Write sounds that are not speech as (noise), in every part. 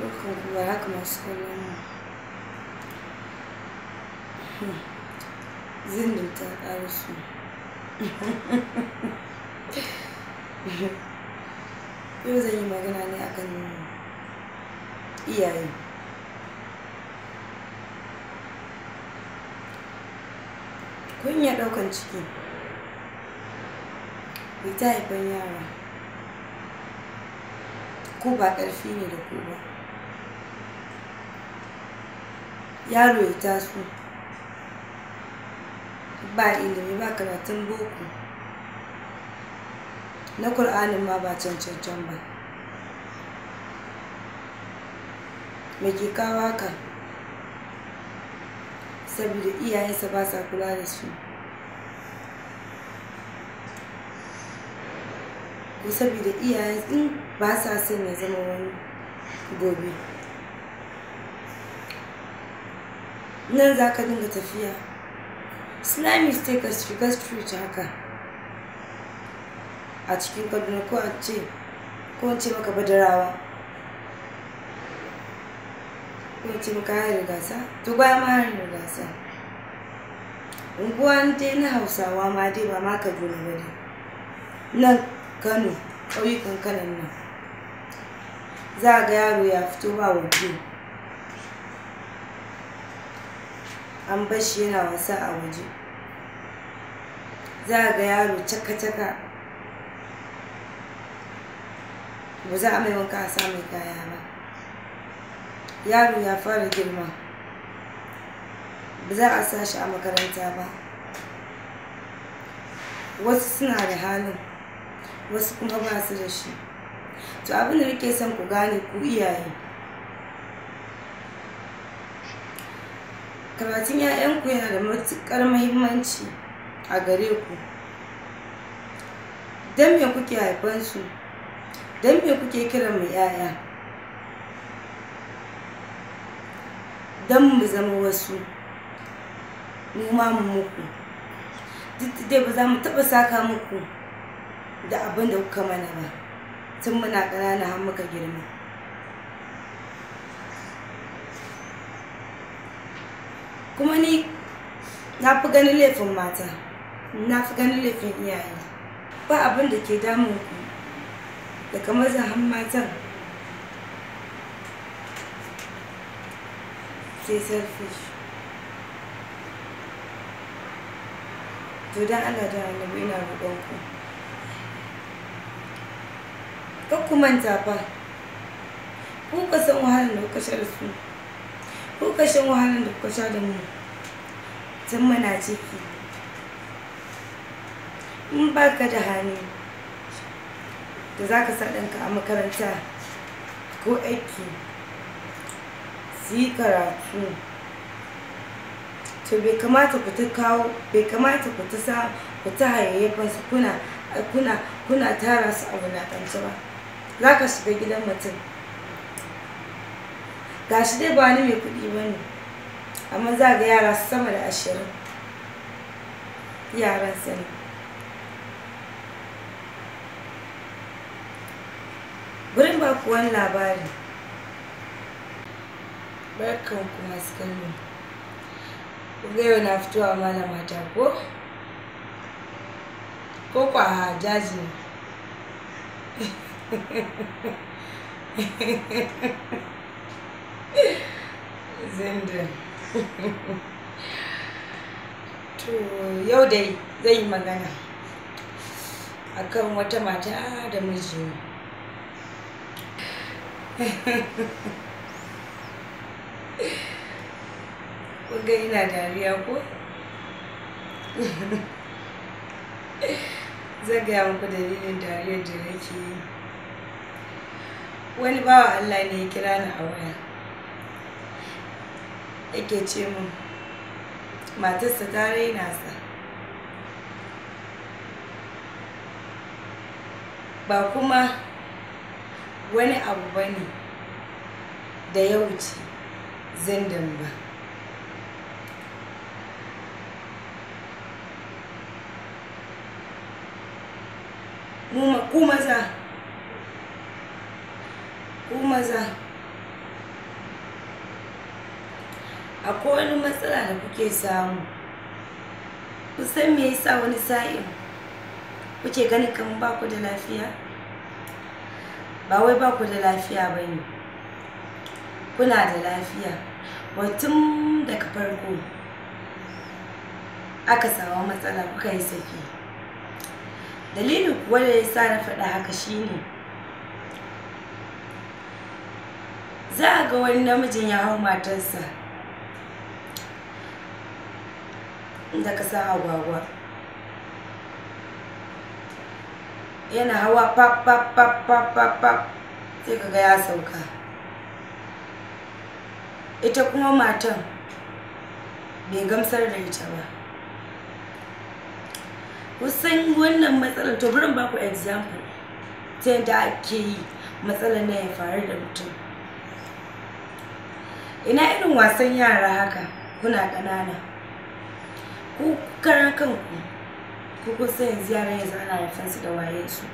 da kan ruwa haka masu kallon mu zindin ta ƙara su yau zan yi magana ne akan iyaye kunya ɗaukan ciki ta haifan yara ko ba ƙarfi ne da ku ba yaro ya taso ba ilimi ba karatun boko na ƙur'anin ma ba cancancan ba me ke kawo haka saboda iyayensa ba sa kula da su saboda iyayen ba sa son ya zama wani gobe nan za ka dinga tafiya islamic sai ka shiga street haka a cikin kaduna ko a ce ko ce maka badarawa ko ce maka harin gasa to baya ma harin gasa unguwa dai na hausawa ma dai ba ma kaduna ba ne nan kano ƙauyukan kanan nan za ga yaro ya fito ba wajen an bar yana wasa a waje za a ga yaro caka-caka ba za a mai wanka a sa mai kaya ba yaro ya fara girma ba za a sa shi a makaranta ba wasu suna da halin wasu kuma ba su da shi to abin da nake son ku gane ku iyaye karatun 'ya'yanku yana da matukar muhimmanci a gare ku don me kuke haifansu don me kuke kiran mu 'ya'ya don mu zama wasu mu ma mu muku duk dai ba za mu taɓa saka muku da abin da kuka mana ba tun muna ƙanana har muka girma kuma ni na fi ganin laifin mata na fi ganin laifin iyaye ba abin da ke damun ku kamar mazan matan sai selfish to don allah da annabi ina roƙon ku kar ku manta fa ku ka san wahalar da kuka su ko wahalar da kuka sha da mu tun muna ciki in ba ka da hannu da za ka sa ɗanka a makaranta ko aiki su yi karatu to bai kamata ku ta kawo bai kamata ku ta sa ku ta su kuna kuna kuna tara su a wulaƙance ba za ka shiga gidan mutum gashi dai ba ni mai kuɗi ba ne amma za ga yara sama da ashirin yaran sani gurin ba kuwan labari barkan kuma su kallo ga yau na fitowa malama ta ko ko kwa jaji ne (laughs) zindin to yau dai zai yi magana akan wata mata da miji kuga ina dariya ko zagaya muku dalilin dariyar da nake wani bawa allah ne ya kira ni a waya yake ce min matarsa ta raina sa ba kuma wani abu ba ne da ya wuce zindan ba ku maza ku maza akwai wani matsala da kuke samu kusan me yasa wani sa'in kuke ganin kamar ba ku da lafiya ba wai ba ku da lafiya ba ne kuna da lafiya batun daga farko aka samu matsala kuka yi saki dalilin kuwa da ya sa na faɗa haka shine za a ga wani namijin ya hau matarsa inda ka sa agwagwa yana hawa pap pap pap pap ya sauka ita kuma matan bai gamsar da ita ba kusan wannan matsalar to burin ba ku example ta yadda ake yi matsalar na ya faru da mutum ina irin wasan yara haka kuna ƙanana ku karan kanku ku kun san yanzu yaran yanzu ana haifan su da wayen su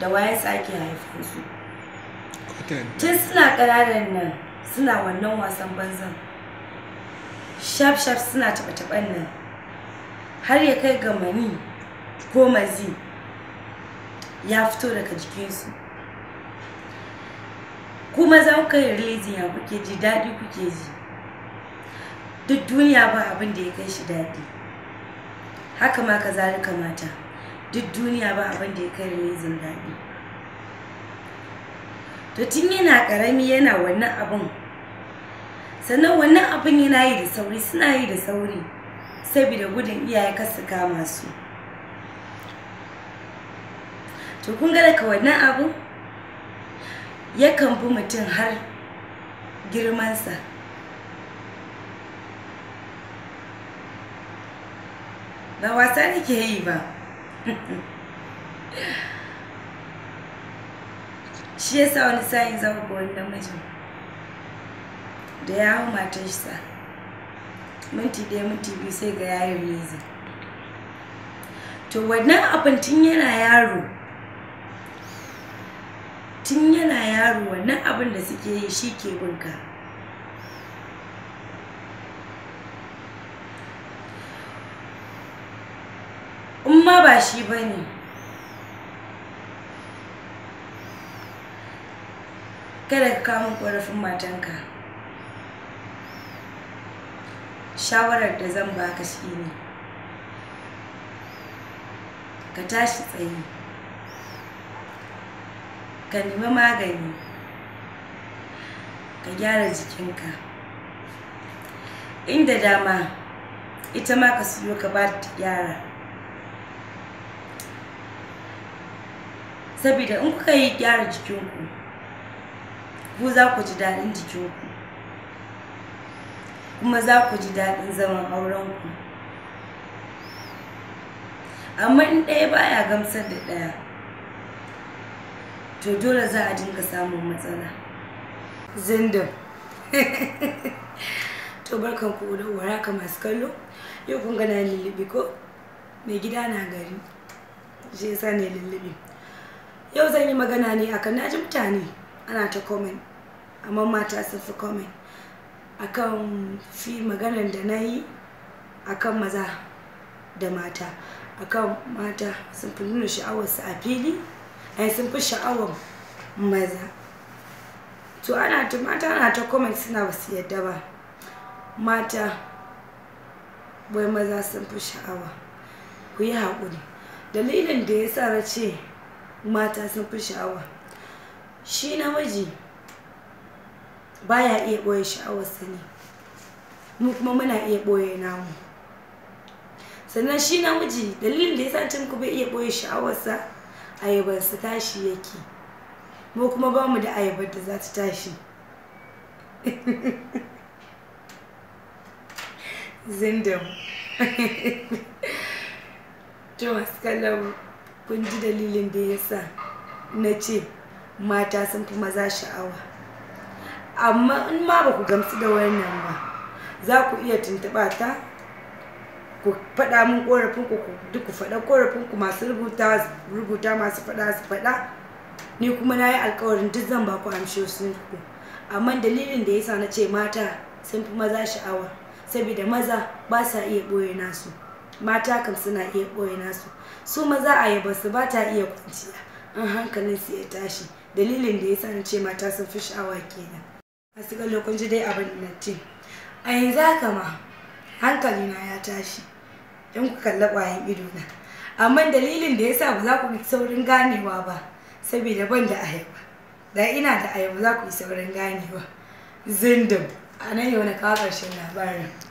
da wayen su ake haifan su tun suna ƙananan nan suna wannan wasan banzan shaf shaf suna taɓa-taɓan nan har ya kai ga mani ko mazi ya fito daga jikinsu kuma za ku kai releasing ya kuke ji daɗi kuke ji duk duniya ba abin da ya kai shi daɗi haka ma ka zalika mata duk duniya ba abin da ya kai releasing daɗi to tun yana ƙarami yana wannan abin sannan wannan abin yana yi da sauri suna yi da sauri saboda gudun iyaye ka su kama su to kun ga ka wannan abin yakan bi mutum har girmansa ba wasa nake yi ba (laughs) shi ya sa wani sa'in za ga wani namijin da ya hau sa, minti ɗaya minti biyu sai ga yayin rezi to wannan abin tun yana yaro tun yana yaro wannan abin da suke yi shi ke binka in ma ba shi ba ne kada ka kamun ƙorafin matanka shawarar da zan baka shi ne ka tashi tsaye ka nemi magani ka gyara jikinka inda dama ita ma ka siyo ka ba ta gyara saboda in kuka yi gyara jikinku ku za ku ji daɗin jikinku kuma za ku ji daɗin zaman aurenku amma in ɗaya baya gamsar da ɗaya to dole za a dinga samun matsala zindin to barkan ku da waraka masu kallo yau kun gana lullubi ko mai gida na gari shi yasa ne lullubi yau zan yi magana ne akan naji mutane ana ta comment amma mata sun fi comment akan fi maganar da na yi akan maza da mata akan mata sun fi nuna sha'awarsu a fili ai sun fi sha'awar maza to ana ta mata ana ta comment suna ba su yadda ba mata wai maza sun fi sha'awa ku yi haƙuri dalilin da ya sa na ce mata sun fi sha'awa shi namiji baya iya ɓoye sha'awar ne mu kuma muna iya ɓoye namu sannan shi namiji dalilin da ya sa cin ku bai iya ɓoye sha'awarsa ayaban su tashi yake mu kuma ba mu da ayabar da za ta tashi (laughs) zindam (laughs) to masu kallon kun ji dalilin da yasa sa na ce mata sun fi maza sha'awa amma in ma ba ku gamsu da wannan ba za ku iya tuntuɓa ta ku faɗa mun korafin ku duk ku faɗa korafin ku masu rubuta rubuta masu faɗa su faɗa ni kuma na yi alkawarin duk zan ba ku amshe ku amma dalilin da yasa na ce mata sun fi maza sha'awa saboda maza ba sa iya ɓoye nasu mata kam suna iya ɓoye nasu su maza a yaba su ba ta iya kwanciya an hankalin su ya tashi dalilin da yasa na ce mata sun fi sha'awa kenan a su kun dai abin da na ce a yanzu haka ma hankali na ya tashi in ku kalla ƙwayan ido na amma dalilin da yasa ba za ku yi saurin ganewa ba saboda ban da ayaba da ina da ayaba za ku yi saurin ganewa zindim a nan yau na kawo ƙarshen labarin